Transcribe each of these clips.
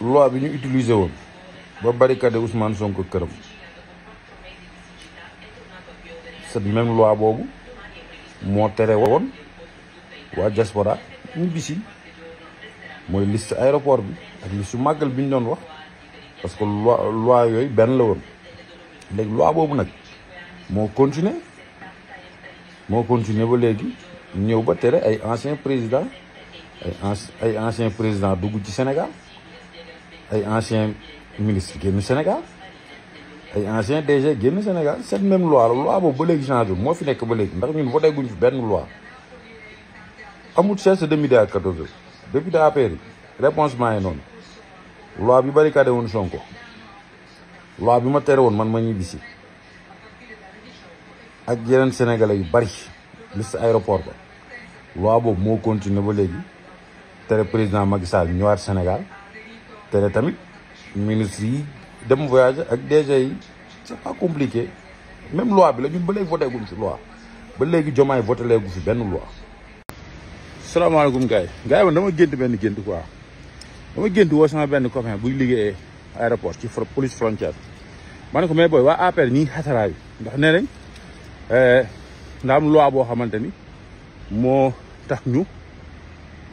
loi bi ñu utiliser woon ba barricade Ousmane Sonko këram cette même loi boobu moo tere woon waa diaspora ñu bisi mooy list aéroport bi ak liste màggal bi ñu doon wax parce que loi loi yooyu benn la woon léegi loi boobu nag moo continuer moo continuer ba léegi ñëw ba tere ay ancien président ay ay ancien président dugg ci Sénégal ay ancien ministre génn Sénégal ay ancien DG génn Sénégal cette même loi la loi boobu ba léegi changé moo fi nekk ba léegi ndax ñun voté guñ fi benn loi amul cesse de midi ak 14 heures depuis da APR yi réponse maa ngi noonu loi bi barricadé woon Sonko loi bi ma tere woon man ma ñibbisi ak yeneen sénégalais yu bari liste aéroport ba loi boobu moo continué ba léegi tere président Macky Sall ñëwaat Sénégal te tamit ministre yi dem voyage ak DG yi c'est pas compliqué même loi bi la ñun ba lay voter guñ ci loi ba léegi jomaay voté gu fi benn loi. salaamaaleykum gars yi gars yi man dama gént benn gént quoi dama gént wo sama benn copain buy liggéeyee aéroport ci police frontière man ne ko mais booy waa APR ñi xataraayu ndax nee euh ndaa am loi bo xamanteni mo tax ñu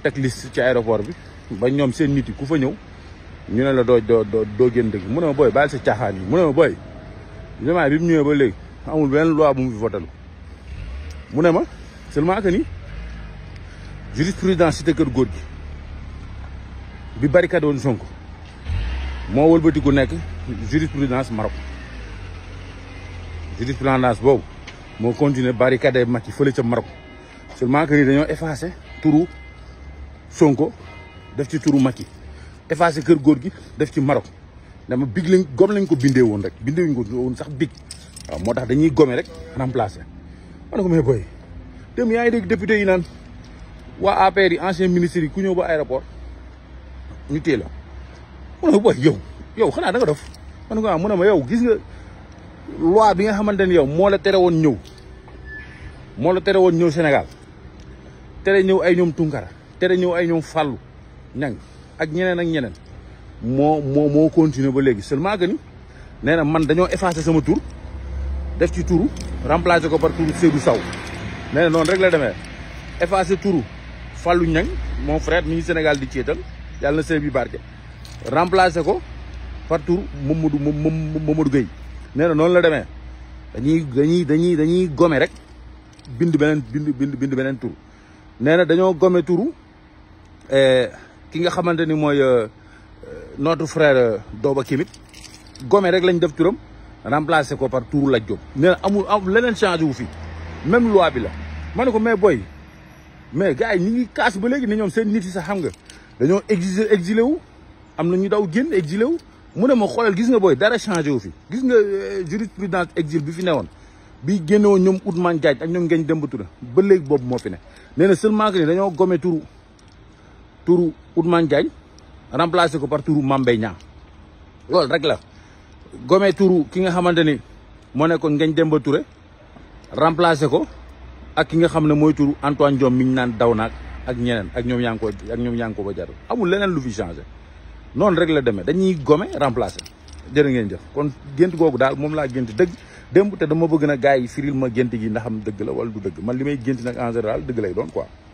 tek liste ci aéroport bi ba ñom seen nit ku fa ñëw. ñu ne la do do do gën deug mu ne boy booy sa tiaxani mu ne boy booy bi mu ñëwee ba léegi amul ben loi bu mu fi votalu mu ne ma seulement que ni jurisprudence cité keur góor gi bi barricade woon Sonko moo ku nek jurisprudence Maroc jurisprudence bob mo continuer barricade Macky feulé ci Maroc seulement que ni dañu effacer turu Sonko def ci turu Macky effacé kër góor gi daf ci Maroc dama big lañ gom lañ ko bindee woon rek bindee wuñ ko woon sax big waaw moo tax dañuy gome rek remplacé ma ko mais boy dem yaa ngi dégg député yi naan waa APR yi ancien ministre yi ku ñëw ba aéroport ñu téye la mu boy yow yow xanaa da nga dof man ko ah ma yow gis nga loi bi nga xamante ni yow moo la tere woon ñëw moo la tere woon ñëw Sénégal tere ñëw ay ñoom Tunkara tere ñëw ay ñoom Fallou ñang ak ñeneen ak ñeneen moo moo moo continuer ba léegi seulement que ni nee na man dañoo effacer sama tur def ci turu remplacer ko par turu Seydou Sow nee noonu rek la demee effacer turu Fallou Niang moom frère mi ngi Sénégal di céetal yàlla na sëy bi barke remplacer ko par turu Mamadou Mamadou Gueye nee na noonu la demee dañuy dañuy dañuy dañuy gome rek bind beneen bind bind bind beneen tur nee na dañoo gome turu eh, ki nga xamante ni mooy euh, euh, notre frère euh, Dooba Kimit Gomé rek lañ def turam remplacé ko par turu Lat Diop nee amul am leneen changé wu fi même loi bi la ma ne ko mais boy mais gars yi ñu ngi kaas ba léegi ne ñoom seen nit yi sax xam nga dañoo exigé exilé wu am na ñu daw génn exilé wu mu ne ma xoolal gis nga booy dara changé wu fi gis nga jurisprudence exil bi fi woon bi génnewoon ñoom Ousmane Diagne ak ñoom Ngagne Demba Touré ba léegi boobu moo fi ne nee na seulement que dañoo gome turu Ousmane Diagne remplacé ko par turu Mame Mbaye Niang loolu rek la gome turu ki nga xamante ni moo nekkoon Ngagne Demba Touré remplacé ko ak ki nga xam ne mooy turu Antoine Diome mi ñu naan daw naag ak ñeneen ak ñoom Yanko ak ñoom Yanko ba jar amul leneen lu fi changé noonu rek la demee dañuy gome remplacé jërë ngeen jëf kon gént googu daal moom laa gént dëgg démb te dama bëgg na gars yi firil ma gént gi ndax am dëgg la wala du dëgg man li may gént nag en général dëgg lay doon quoi